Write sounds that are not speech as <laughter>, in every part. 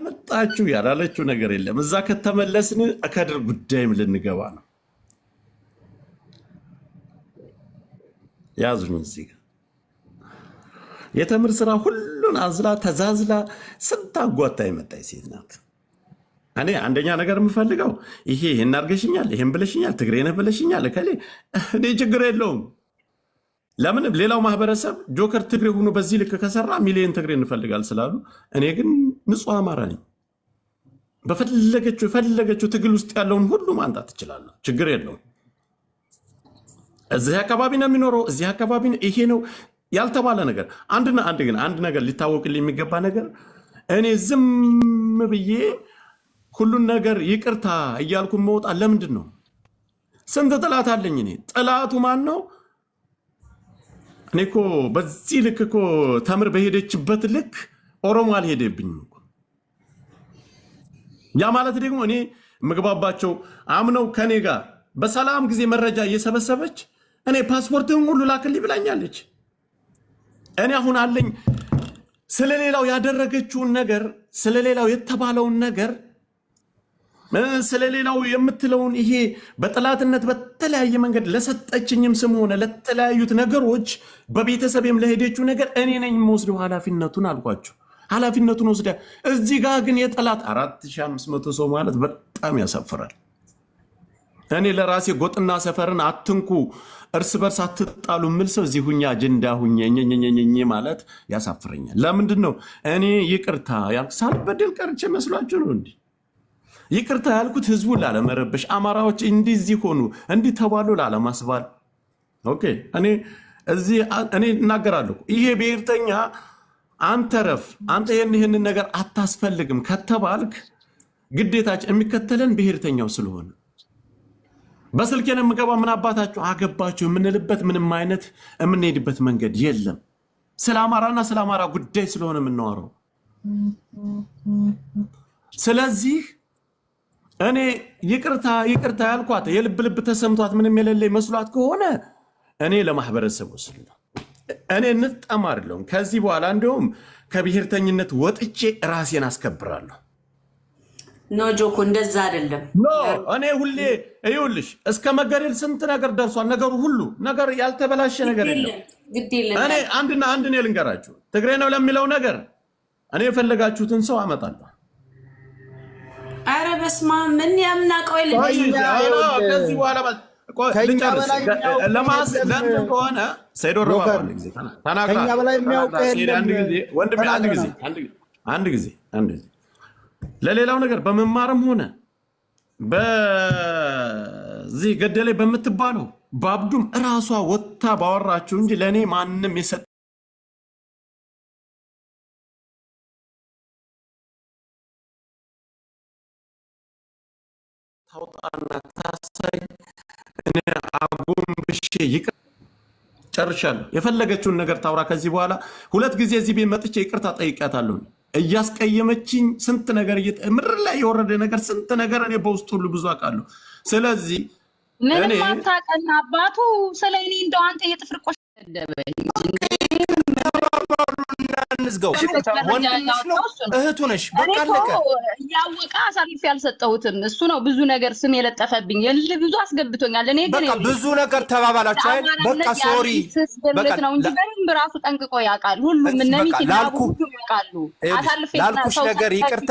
አመጣችሁ ያላለችው ነገር የለም። እዛ ከተመለስን ከድር ጉዳይም ልንገባ ነው። ያዙኝ እዚህ ጋር የተምር ስራ ሁሉን አዝላ ተዛዝላ ስንት አጓታ የመጣች ሴት ናት። እኔ አንደኛ ነገር የምፈልገው ይሄ ይህን አድርገሽኛል፣ ይህን ብለሽኛል፣ ትግሬ ነህ ብለሽኛል፣ እከሌ እኔ ችግር የለውም ለምንም ሌላው ማህበረሰብ ጆከር ትግሬ ሆኖ በዚህ ልክ ከሰራ ሚሊዮን ትግሬ እንፈልጋል ስላሉ፣ እኔ ግን ንጹህ አማራ ነኝ። በፈለገችው የፈለገችው ትግል ውስጥ ያለውን ሁሉ ማንጣት ትችላለህ። ችግር የለውም። እዚህ አካባቢ ነው የሚኖረው፣ እዚህ አካባቢ ነው ይሄ ነው ያልተባለ ነገር አንድና አንድ ግን አንድ ነገር ሊታወቅል የሚገባ ነገር እኔ ዝም ብዬ ሁሉን ነገር ይቅርታ እያልኩ መውጣ ለምንድን ነው? ስንት ጥላት አለኝ እኔ። ጥላቱ ማን ነው? እኔ እኮ በዚህ ልክ እኮ ተምር በሄደችበት ልክ ኦሮሞ አልሄደብኝም ያ ማለት ደግሞ እኔ ምግባባቸው አምነው ከኔ ጋር በሰላም ጊዜ መረጃ እየሰበሰበች እኔ ፓስፖርትን ሁሉ ላክልኝ ብላኛለች። እኔ አሁን አለኝ ስለሌላው ያደረገችውን ነገር ስለሌላው የተባለውን ነገር ስለሌላው የምትለውን ይሄ በጠላትነት በተለያየ መንገድ ለሰጠችኝም ስም ሆነ ለተለያዩት ነገሮች በቤተሰብም ለሄደችው ነገር እኔ ነኝ የምወስደው ኃላፊነቱን አልኳቸው። ኃላፊነቱን ወስደ እዚህ ጋር ግን የጠላት 4500 ሰው ማለት በጣም ያሳፍራል። እኔ ለራሴ ጎጥና ሰፈርን አትንኩ፣ እርስ በርስ አትጣሉ የምል ሰው እዚህ ሁኛ አጀንዳ ሁኜ ማለት ያሳፍረኛል። ለምንድን ነው እኔ ይቅርታ ያልኩ? ሳልበድል ቀርቼ መስሏችሁ ነው እንዲህ ይቅርታ ያልኩት ህዝቡን ላለመረበሽ፣ አማራዎች እንዲዚህ ሆኑ እንዲተባሉ ላለማስባል። ኦኬ እኔ እዚህ እኔ እናገራለሁ። ይሄ ብሔርተኛ አንተ ረፍ አንተ ይህን ነገር አታስፈልግም ከተባልክ ግዴታችን የሚከተለን ብሔርተኛው ስለሆነ በስልኬን የምገባ ምን አባታችሁ አገባችሁ የምንልበት ምንም አይነት የምንሄድበት መንገድ የለም። ስለ አማራና ስለ አማራ ጉዳይ ስለሆነ የምናወራው ስለዚህ እኔ ይቅርታ ይቅርታ ያልኳት የልብ ልብ ተሰምቷት ምንም የሌለ መስሏት ከሆነ እኔ ለማህበረሰብ ስል ነው። እኔ እንጠማ አይደለሁም። ከዚህ በኋላ እንዲሁም ከብሔርተኝነት ወጥቼ ራሴን አስከብራለሁ። ኖ ጆኮ፣ እንደዛ አይደለም። ኖ እኔ ሁሌ ይኸውልሽ፣ እስከ መገደል ስንት ነገር ደርሷል። ነገሩ ሁሉ ነገር ያልተበላሸ ነገር የለም። እኔ አንድና አንድ እኔ ልንገራችሁ፣ ትግሬ ነው ለሚለው ነገር እኔ የፈለጋችሁትን ሰው አመጣለሁ። በስመ ምን የምናውቀው አንድ ጊዜ ለሌላው ነገር በመማርም ሆነ በዚህ ገደላይ በምትባለው በአብዱም እራሷ ወጥታ ባወራችሁ እንጂ ለእኔ ማንም የሰ ታውጣና ታሳይ። እኔ አጎንብሼ ይቅር ጨርሻለሁ። የፈለገችውን ነገር ታውራ። ከዚህ በኋላ ሁለት ጊዜ እዚህ ቤት መጥቼ ይቅርታ ጠይቃታለሁ። እያስቀየመችኝ ስንት ነገር ምድር ላይ የወረደ ነገር ስንት ነገር እኔ በውስጥ ሁሉ ብዙ አውቃለሁ። ስለዚህ ምንም አታውቅም አባቱ ስለ እኔ እንደው አንተ የጥፍር ቆሽ ደበኝ እንዝጋው። ወንድምሽ ነው፣ እህቱ ነሽ። በቃ አለቀ። እያወቀ አሳልፍ ያልሰጠሁትም እሱ ነው። ብዙ ነገር ስም የለጠፈብኝ ል ብዙ አስገብቶኛል። እኔ ግን ብዙ ነገር ተባባላችሁ አይደል? በቃ ሶሪ ነው እንጂ በደንብ ራሱ ጠንቅቆ ያውቃል። ሁሉም እነሚት ያውቃሉ። አሳልፍ ላልኩሽ ነገር ይቅርታ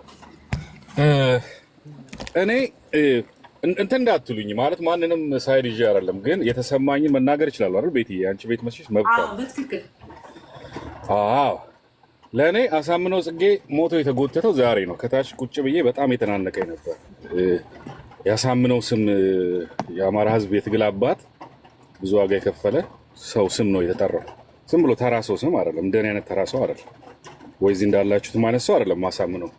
እኔ እንትን እንዳትሉኝ ማለት ማንንም ሳይድ ይዤ አይደለም፣ ግን የተሰማኝን መናገር ይችላሉ አይደል? ቤት አንቺ ቤት መስሽ መብት አዎ ለእኔ አሳምኖ ጽጌ ሞቶ የተጎተተው ዛሬ ነው። ከታች ቁጭ ብዬ በጣም የተናነቀኝ ነበር። ያሳምነው ስም የአማራ ሕዝብ የትግል አባት ብዙ ዋጋ የከፈለ ሰው ስም ነው የተጠራው። ዝም ብሎ ተራ ሰው ስም አይደለም። እንደኔ አይነት ተራ ሰው አይደለም። ወይዚህ እንዳላችሁት ማለት ሰው አይደለም አሳምነው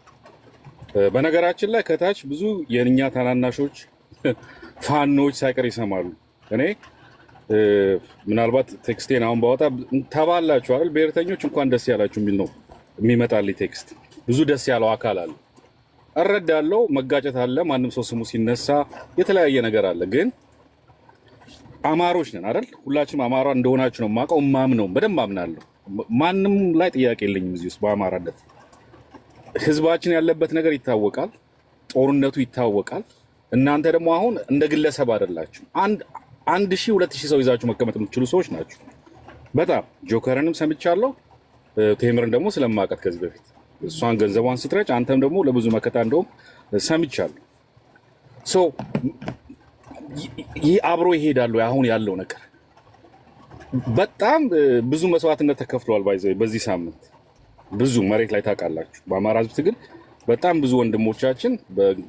በነገራችን ላይ ከታች ብዙ የእኛ ታናናሾች <laughs> ፋኖች ሳይቀር ይሰማሉ። እኔ ምናልባት ቴክስቴን አሁን ባወጣ ተባላችሁ አይደል ብሔርተኞች እንኳን ደስ ያላችሁ የሚል ነው የሚመጣልኝ ቴክስት። ብዙ ደስ ያለው አካል አለ፣ እረዳለሁ። መጋጨት አለ፣ ማንም ሰው ስሙ ሲነሳ የተለያየ ነገር አለ። ግን አማሮች ነን አይደል? ሁላችንም አማራ እንደሆናችሁ ነው የማውቀው። ማም ነው በደንብ አምናለሁ። ማንም ላይ ጥያቄ የለኝም እዚህ ውስጥ በአማራነት ህዝባችን ያለበት ነገር ይታወቃል። ጦርነቱ ይታወቃል። እናንተ ደግሞ አሁን እንደ ግለሰብ አይደላችሁ። አንድ ሺ ሺህ ሁለት ሺህ ሰው ይዛችሁ መቀመጥ የምትችሉ ሰዎች ናችሁ። በጣም ጆከርንም ሰምቻለሁ። ቴምርን ደግሞ ስለማቀት ከዚህ በፊት እሷን ገንዘቧን ስትረጭ፣ አንተም ደግሞ ለብዙ መከታ እንደውም ሰምቻለሁ። ይህ አብሮ ይሄዳሉ። አሁን ያለው ነገር በጣም ብዙ መስዋዕትነት ተከፍሏል። ባይዘ በዚህ ሳምንት ብዙ መሬት ላይ ታውቃላችሁ። በአማራ ህዝብ ትግል በጣም ብዙ ወንድሞቻችን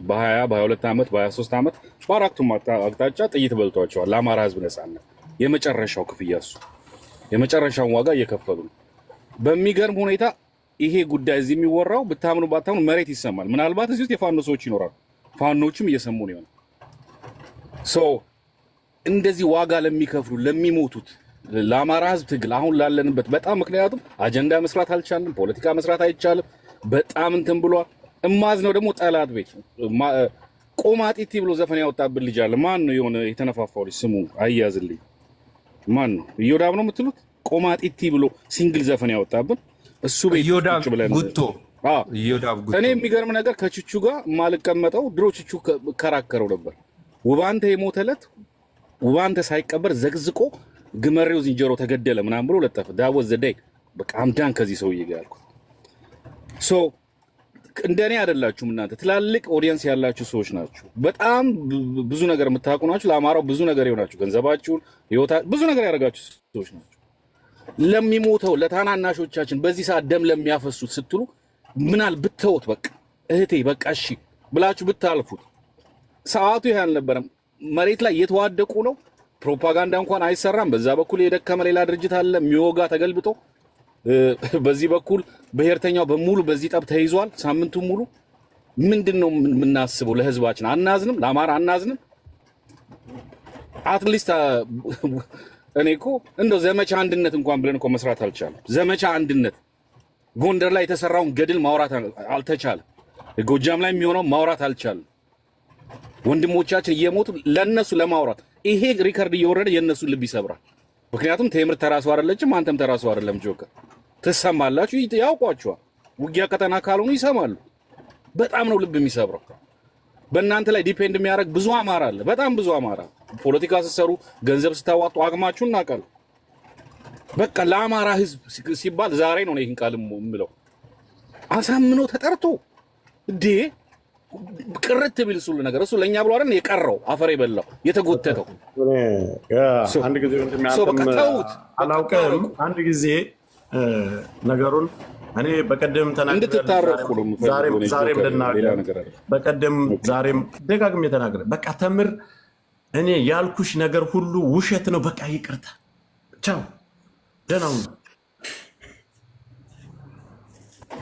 በ20 በ22 ዓመት በ23 ዓመት በአራቱም አቅጣጫ ጥይት በልቷቸዋል። ለአማራ ህዝብ ነፃነት የመጨረሻው ክፍያ እሱ የመጨረሻውን ዋጋ እየከፈሉ ነው። በሚገርም ሁኔታ ይሄ ጉዳይ እዚህ የሚወራው ብታምኑ ባታምኑ መሬት ይሰማል። ምናልባት እዚህ ውስጥ የፋኖ ሰዎች ይኖራሉ። ፋኖዎችም እየሰሙ ነው። እንደዚህ ዋጋ ለሚከፍሉ ለሚሞቱት ለአማራ ህዝብ ትግል አሁን ላለንበት በጣም ምክንያቱም አጀንዳ መስራት አልቻልንም። ፖለቲካ መስራት አይቻልም። በጣም እንትን ብሏል። እማዝ ነው ደግሞ ጠላት ቤት ቆማጢቲ ብሎ ዘፈን ያወጣብን ልጅ አለ። ማን ነው የሆነ የተነፋፋው ልጅ ስሙ አያዝልኝ። ማን ነው እዮዳብ ነው የምትሉት? ቆማጢቲ ብሎ ሲንግል ዘፈን ያወጣብን እሱ ቤት ብለን ጉቶ እኔ የሚገርም ነገር ከችቹ ጋር የማልቀመጠው ድሮ ችቹ ከራከረው ነበር። ውባንተ የሞተለት ውባንተ ሳይቀበር ዘግዝቆ ግመሬው ዝንጀሮ ተገደለ ምናምን ብሎ ለጠፈ። ዳወዝ ዘዳይ በቃ አምዳን ከዚህ ሰውዬ ጋር ያልኩት ሶ እንደኔ አይደላችሁም እናንተ ትላልቅ ኦዲየንስ ያላችሁ ሰዎች ናችሁ። በጣም ብዙ ነገር የምታውቁ ናችሁ። ለአማራው ብዙ ነገር ይሆናችሁ፣ ገንዘባችሁን፣ ህይወታ ብዙ ነገር ያደርጋችሁ ሰዎች ናችሁ። ለሚሞተው ለታናናሾቻችን በዚህ ሰዓት ደም ለሚያፈሱት ስትሉ ምናል ብትተውት በቃ እህቴ በቃ እሺ ብላችሁ ብታልፉት። ሰዓቱ ይህ አልነበረም። መሬት ላይ እየተዋደቁ ነው ፕሮፓጋንዳ እንኳን አይሰራም። በዛ በኩል የደከመ ሌላ ድርጅት አለ የሚወጋ ተገልብጦ፣ በዚህ በኩል ብሔርተኛው በሙሉ በዚህ ጠብ ተይዟል። ሳምንቱ ሙሉ ምንድን ነው የምናስበው? ለህዝባችን አናዝንም፣ ለአማራ አናዝንም። አትሊስት እኔ እኮ እንደው ዘመቻ አንድነት እንኳን ብለን እኮ መስራት አልቻለም። ዘመቻ አንድነት ጎንደር ላይ የተሰራውን ገድል ማውራት አልተቻለም። ጎጃም ላይ የሚሆነው ማውራት አልቻለም። ወንድሞቻችን እየሞቱ ለነሱ ለማውራት ይሄ ሪከርድ እየወረደ የእነሱን ልብ ይሰብራል። ምክንያቱም ቴምር ተራሱ አይደለችም፣ አንተም ተራሱ አይደለም። ጆከር ትሰማላችሁ፣ ያውቋችኋል። ውጊያ ቀጠና ካልሆኑ ይሰማሉ። በጣም ነው ልብ የሚሰብረው። በእናንተ ላይ ዲፔንድ የሚያደርግ ብዙ አማራ አለ፣ በጣም ብዙ አማራ። ፖለቲካ ስትሰሩ፣ ገንዘብ ስታዋጡ አቅማችሁ እናውቃለን። በቃ ለአማራ ህዝብ ሲባል ዛሬ ነው ይህን ቃል የምለው። አሳምኖ ተጠርቶ እንዴ ቅርት ቢል ሁሉ ነገር እሱ ለእኛ ብሎ አይደል የቀረው አፈር የበላው የተጎተተው። አንድ ጊዜ አላውቅም፣ አንድ ጊዜ ነገሩን እኔ በቀደም ተናግሬ ልናገር፣ በቀደም ዛሬም ደጋግሜ ተናግሬ በቃ ተምር፣ እኔ ያልኩሽ ነገር ሁሉ ውሸት ነው። በቃ ይቅርታ፣ ቻው፣ ደህና ሁኑ።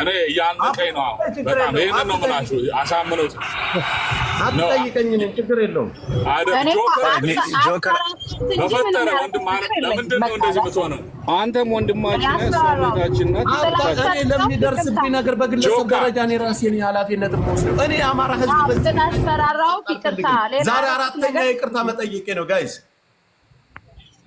እኔ እያንቀኝ ነው። በጣም ይህንን ነው የምላችሁ። አሳምነውት አትጠይቀኝም፣ ችግር የለውም። በፈጠረ ወንድም ለምንድን ነው እንደዚህ የምትሆነው? አንተም ወንድማችን ቤታችን ለሚደርስብኝ ነገር በግለሰብ ደረጃ እኔ ራሴን ኃላፊነት እኔ አማራ ህዝብ ዛሬ አራተኛ ይቅርታ መጠየቄ ነው ጋይስ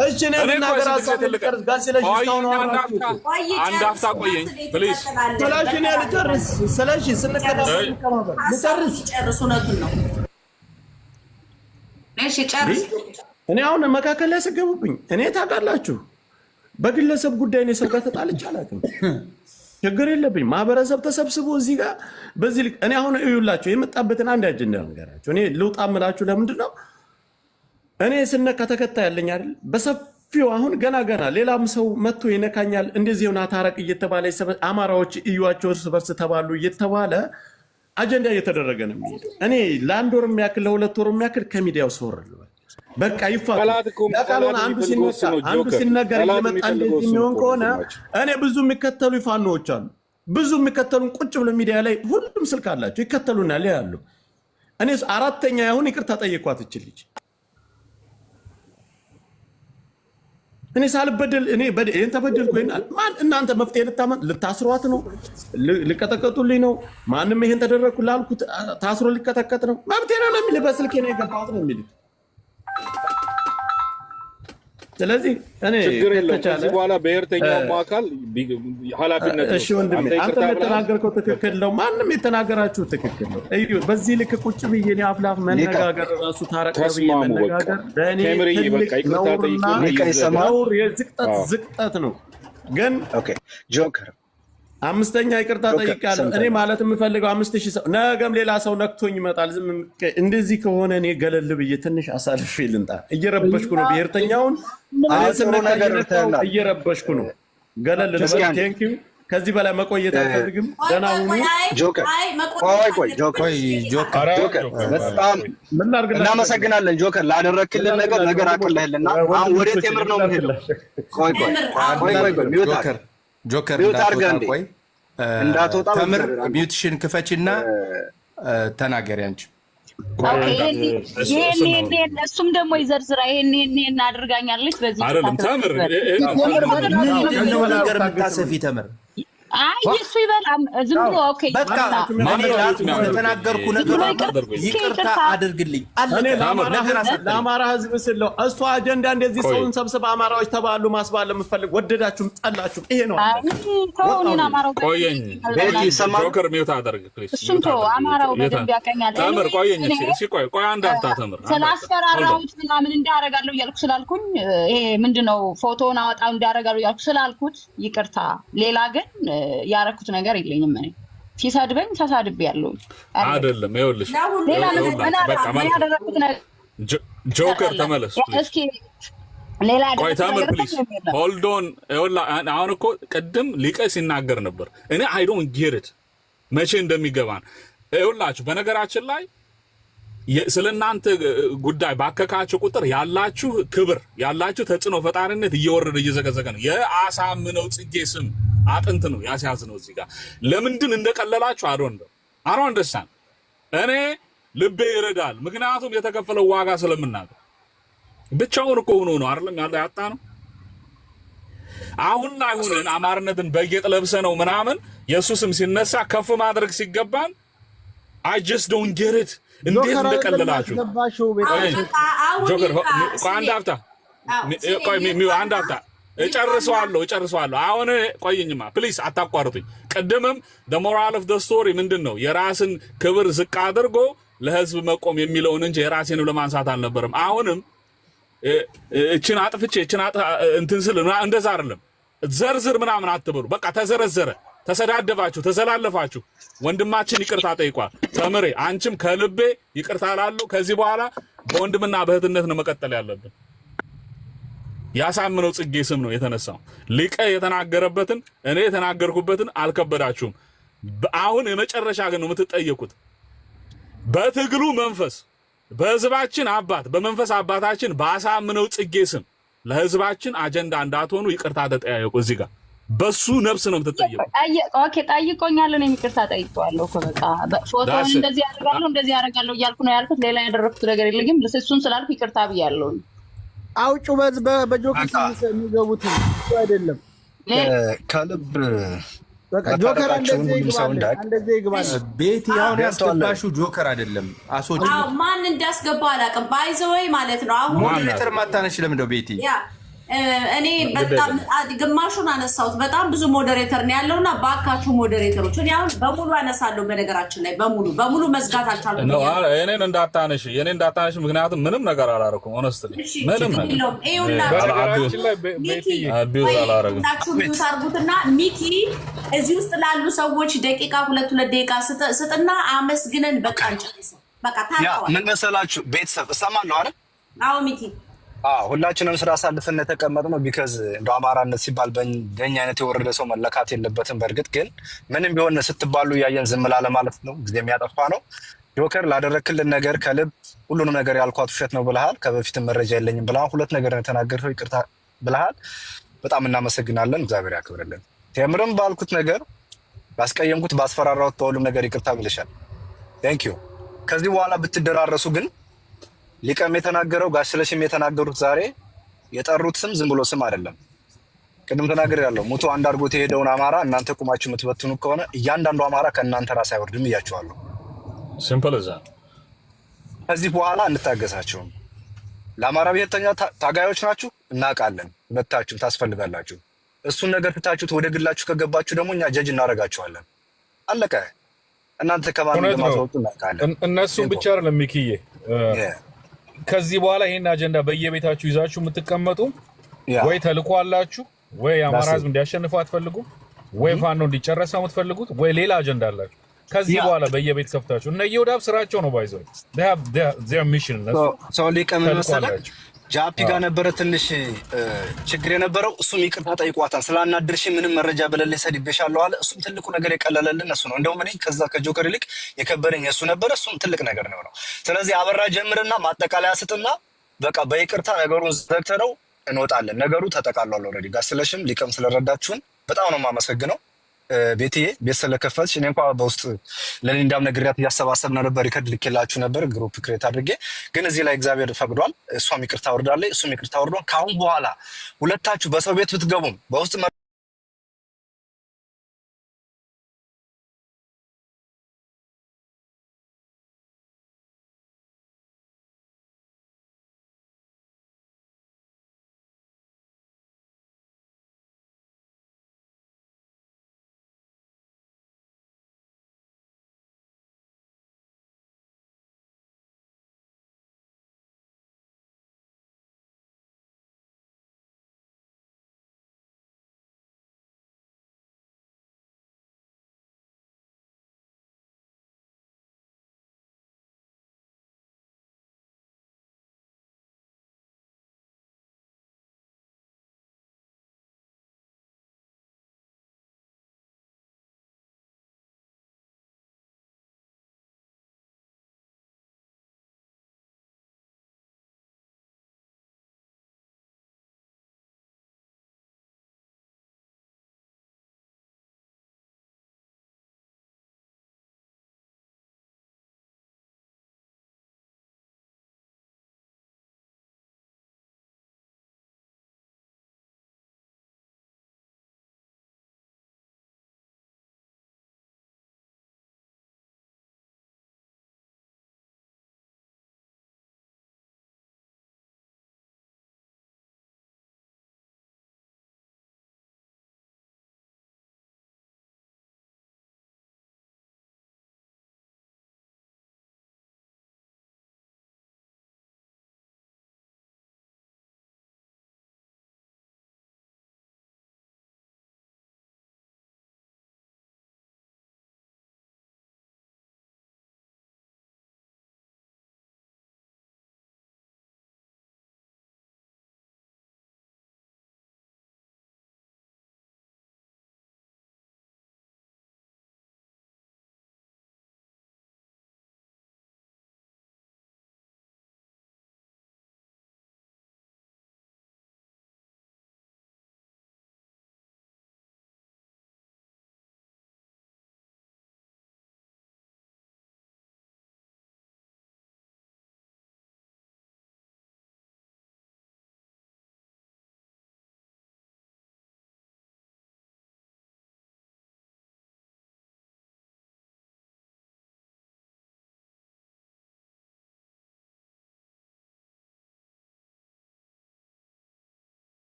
እሺ እኔ ብናገር ሀሳብ ልጨርስ። ጋር ስለሽ እስካሁን አንድ ሀፍታ ቆየኝ ፕሊዝ ስለሽ እኔ ልጨርስ። ስለሽ ስንከባበር ልጨርስ። እኔ አሁን መካከል ላይ ስገቡብኝ እኔ ታውቃላችሁ፣ በግለሰብ ጉዳይ ነው ሰው ጋር ተጣልቼ አላውቅም። ችግር የለብኝ። ማህበረሰብ ተሰብስቦ እዚህ ጋር በዚህ ልክ እኔ አሁን እዩላቸው የመጣበትን አንድ አጀንዳ ነገራቸው። እኔ ልውጣ የምላችሁ ለምንድን ነው እኔ ስነካ ተከታይ ያለኝ አይደል በሰፊው አሁን ገና ገና ሌላም ሰው መጥቶ ይነካኛል። እንደዚህ ሆነ ታረቅ እየተባለ አማራዎች እዩዋቸው እርስ በርስ ተባሉ እየተባለ አጀንዳ እየተደረገ ነው የሚሄደው። እኔ ለአንድ ወር የሚያክል ለሁለት ወር የሚያክል ከሚዲያው ሰወር በቃ ይፋቃልሆነ አንዱ ሲነገር እየመጣ እንደዚህ የሚሆን ከሆነ እኔ ብዙ የሚከተሉ ይፋኖዎች አሉ። ብዙ የሚከተሉን ቁጭ ብሎ ሚዲያ ላይ ሁሉም ስልክ አላቸው ይከተሉናል ያሉ እኔ አራተኛ ያሁን ይቅርታ ጠየኳት እችልች እኔ ሳልበደል እኔ በደል ተበደልኩ ይናል ማን እናንተ መፍትሄ ልታመን ልታስሯት ነው ልቀጠቀጡልኝ ነው ማንም ይሄን ተደረግኩ ላልኩት ታስሮ ሊቀጠቀጥ ነው መብቴ ነው የሚል በስልኬ ነው የገባሁት ነው የሚሉት ስለዚህ እኔ ችግር የለም። በኋላ ብሔርተኛውም አካል ኃላፊነት እሺ ወንድም አንተ የተናገርከው ትክክል ነው። ማንም የተናገራችሁ ትክክል ነው። እዩ በዚህ ልክ ቁጭ ብዬ እኔ አፍላፍ መነጋገር ራሱ ታረቀ ብዬ መነጋገር ለእኔ ትልቅ ነውርና ነውር የዝቅጠት ዝቅጠት ነው ግን ጆከር አምስተኛ ይቅርታ ጠይቃለሁ። እኔ ማለት የምፈልገው አምስት ሺህ ሰው ነገም ሌላ ሰው ነክቶኝ ይመጣል። እንደዚህ ከሆነ እኔ ገለል ብዬ ትንሽ አሳልፌ ልንጣ። እየረበሽኩ ነው፣ ብሔርተኛውን እየረበሽኩ ነው። ገለል ልበል። ቴንኪዩ። ከዚህ በላይ መቆየት አልፈልግም። ደህና ሁኑ። እናመሰግናለን ጆከር ላደረክልን ነገር ነገር አቅልህልና፣ አሁን ወደ ቴምር ነው የምሄደው። ቆይ ቆይ ቆይ ቆይ ሚወታል ጆከር እንዳትወጣ ቆይ እንዳትወጣ ተምር ሚውትሽን ክፈችና ተናገሪ አንቺ እሱም ደግሞ ይዘርዝራ ይሄን ይሄን አድርጋኛለች በዚህ ተምር ነገር ተምር አይ እሱ ይበላም። ዝም ብሎ ኦኬ፣ ይቅርታ አድርግልኝ። ለአማራ ሕዝብ ስለው እሱ አጀንዳ እንደዚህ ሰውን ሰብስበ አማራዎች ተባሉ ማስባል ለምፈልግ ወደዳችሁም ጠላችሁም ይሄ ነው። ጆከር ሚውት አደርግ እሱም ተወው። አማራው ስላስፈራራሁት ምናምን እንዳረጋለሁ እያልኩ ስላልኩኝ ይሄ ምንድነው ፎቶውን አወጣው እንዳረጋለሁ እያልኩ ስላልኩት ይቅርታ። ሌላ ግን ያረኩት ነገር የለኝም እኔ ሲሰድበኝ ተሳድብ ያለሁኝ አይደለም። ይኸውልሽ ጆከር ተመለስ ሌላ ፕሊዝ ሆልድ ኦን። አሁን እኮ ቅድም ሊቀ ሲናገር ነበር። እኔ አይ ዶንት ጌት ኢት መቼ እንደሚገባን ይኸውላችሁ። በነገራችን ላይ ስለ እናንተ ጉዳይ ባከካችሁ ቁጥር ያላችሁ ክብር ያላችሁ ተጽዕኖ ፈጣሪነት እየወረደ እየዘገዘገ ነው። የአሳምነው ጽጌ ስም አጥንት ነው ያስያዝ ነው። እዚህ ጋር ለምንድን እንደቀለላችሁ አዶን ነው አሮን ደስታን እኔ ልቤ ይረዳል። ምክንያቱም የተከፈለው ዋጋ ስለምናገር ብቻውን እኮ ሆኖ ነው አይደለም ያለ ያጣ ነው። አሁን ላይ አማርነትን በጌጥ ለብሰ ነው ምናምን ስም ሲነሳ ከፍ ማድረግ ሲገባን አይ ጀስት ዶንት ጌት ኢት እንዴት እንደቀለላችሁ ጆከር አንድ አፍታ አንድ አፍታ እጨርሰዋለሁ እጨርሰዋለሁ። አሁን ቆይኝማ ፕሊስ አታቋርጡኝ። ቅድምም ሞራል ኦፍ ስቶሪ ምንድን ነው? የራስን ክብር ዝቅ አድርጎ ለህዝብ መቆም የሚለውን እንጂ የራሴንም ለማንሳት አልነበርም። አሁንም እችን አጥፍቼ እችን እንትን ስል እንደዛ አይደለም። ዘርዝር ምናምን አትበሉ። በቃ ተዘረዘረ፣ ተሰዳደባችሁ፣ ተዘላለፋችሁ። ወንድማችን ይቅርታ ጠይቋል። ተምሬ አንቺም ከልቤ ይቅርታ ላለው ከዚህ በኋላ በወንድምና በእህትነት ነው መቀጠል ያለብን። ያሳምነው ጽጌ ስም ነው የተነሳው። ሊቀ የተናገረበትን እኔ የተናገርኩበትን አልከበዳችሁም። አሁን የመጨረሻ ግን ነው የምትጠየቁት። በትግሉ መንፈስ በህዝባችን አባት በመንፈስ አባታችን ባሳምነው ጽጌ ስም ለህዝባችን አጀንዳ እንዳትሆኑ ይቅርታ ተጠያየቁ። እዚህ ጋር በሱ ነብስ ነው የምትጠየቁት። ጠይቆኛል፣ እኔም ይቅርታ ጠይቀዋለሁ። በቃ ፎቶውን እንደዚህ ያደርጋለሁ እንደዚህ ያደርጋለሁ እያልኩ ነው ያልኩት። ሌላ ያደረግኩት ነገር የለ፣ ግን እሱን ስላልኩ ይቅርታ ብያለሁ። አውጩ በጆከር የሚገቡት አይደለም። ከልብ ጆከር እንደዚህ ይግባ። ቤቲ አሁን ያስገባሽው ጆከር አይደለም። አሶች ማን እንዳስገባ አላውቅም። ባይዘወይ ማለት ነው። አሁን ሞዴሬተር ማታነች ለምደው ቤቴ እኔ በጣም ግማሹን አነሳሁት። በጣም ብዙ ሞዴሬተር ነው ያለው እና ባካቹ ሞዴሬተሮች፣ እኔ አሁን በሙሉ አነሳለሁ። በነገራችን ላይ በሙሉ በሙሉ መዝጋት አልቻልኩም። እኔን እንዳታነሽ፣ እኔን እንዳታነሽ፣ ምክንያቱም ምንም ነገር አላረኩም። ኦነስት ምንም አርጉትና ሚኪ እዚህ ውስጥ ላሉ ሰዎች ደቂቃ ሁለት ሁለት ደቂቃ ስጥና አመስግነን በቃ እንጨርሰው። በቃ ታውቀዋለህ። ምን መሰላችሁ ቤተሰብ እሰማለሁ አይደል? አዎ ሚኪ ሁላችንም ስራ አሳልፈን የተቀመጥ ነው። ቢከዝ እንደ አማራነት ሲባል በእኛ አይነት የወረደ ሰው መለካት የለበትም። በእርግጥ ግን ምንም ቢሆን ስትባሉ እያየን ዝም ለማለት ነው ጊዜ የሚያጠፋ ነው። ጆከር ላደረክልን ነገር ከልብ ሁሉንም ነገር ያልኳት ውሸት ነው ብልሃል። ከበፊትም መረጃ የለኝም ብልሃል። ሁለት ነገር የተናገርከው ይቅርታ ብልሃል። በጣም እናመሰግናለን። እግዚአብሔር ያክብርልን። ቴምርም ባልኩት ነገር ባስቀየምኩት፣ ባስፈራራሁት በሁሉም ነገር ይቅርታ ብልሻል። ቴንክ ዩ። ከዚህ በኋላ ብትደራረሱ ግን ሊቀም የተናገረው ጋሽ ስለሽም የተናገሩት ዛሬ የጠሩት ስም ዝም ብሎ ስም አይደለም። ቅድም ተናገር ያለው ሙቶ አንድ አድርጎት የሄደውን አማራ እናንተ ቁማችሁ የምትበትኑ ከሆነ እያንዳንዱ አማራ ከእናንተ ራስ አይወርድም እያቸዋለሁ። ሲምፕል እዛ ከዚህ በኋላ እንታገሳቸውም። ለአማራ ብሔርተኛ ታጋዮች ናችሁ እናውቃለን። መታችሁም ታስፈልጋላችሁ። እሱን ነገር ትታችሁት ወደ ግላችሁ ከገባችሁ ደግሞ እኛ ጀጅ እናደርጋችኋለን። አለቀ። እናንተ ከማን እንደማትወጡ እናውቃለን። እነሱም ብቻ አይደለም ሚኪዬ ከዚህ በኋላ ይሄን አጀንዳ በየቤታችሁ ይዛችሁ የምትቀመጡ ወይ ተልኮ አላችሁ፣ ወይ የአማራ ህዝብ እንዲያሸንፈው አትፈልጉም፣ ወይ ፋኖ እንዲጨረሰ ነው የምትፈልጉት፣ ወይ ሌላ አጀንዳ አላችሁ። ከዚህ በኋላ በየቤት ከፍታችሁ እነ ይወዳብ ስራቸው ነው ባይዘው ሚሽን ነው ሰው ሊቀምን መሰለህ ጃፒ ጋር ነበረ ትንሽ ችግር የነበረው። እሱም ይቅርታ ጠይቋታል። ስላናድርሽ ምንም መረጃ በሌለኝ ሰድቤሻለሁ አለ። እሱም ትልቁ ነገር የቀለለልን እሱ ነው። እንደውም እኔ ከዛ ከጆከር ይልቅ የከበረኝ እሱ ነበረ። እሱም ትልቅ ነገር ነው ነው። ስለዚህ አበራ ጀምርና ማጠቃለያ ስጥና በቃ በይቅርታ ነገሩን ዘግተነው እንወጣለን። ነገሩ ተጠቃሏል። ኦልሬዲ ጋር ስለሽም ሊቀም ስለረዳችሁን በጣም ነው የማመሰግነው። ቤቴ ቤት ስለከፈትሽ እኔ እንኳ በውስጥ ለሊንዳም ነግሪያት እያሰባሰብን ነበር። ሪከርድ ልኬላችሁ ነበር ግሩፕ ክሬት አድርጌ፣ ግን እዚህ ላይ እግዚአብሔር ፈቅዷል። እሷም ይቅርታ ወርዳለች፣ እሱም ይቅርታ ወርዷል። ከአሁን በኋላ ሁለታችሁ በሰው ቤት ብትገቡም በውስጥ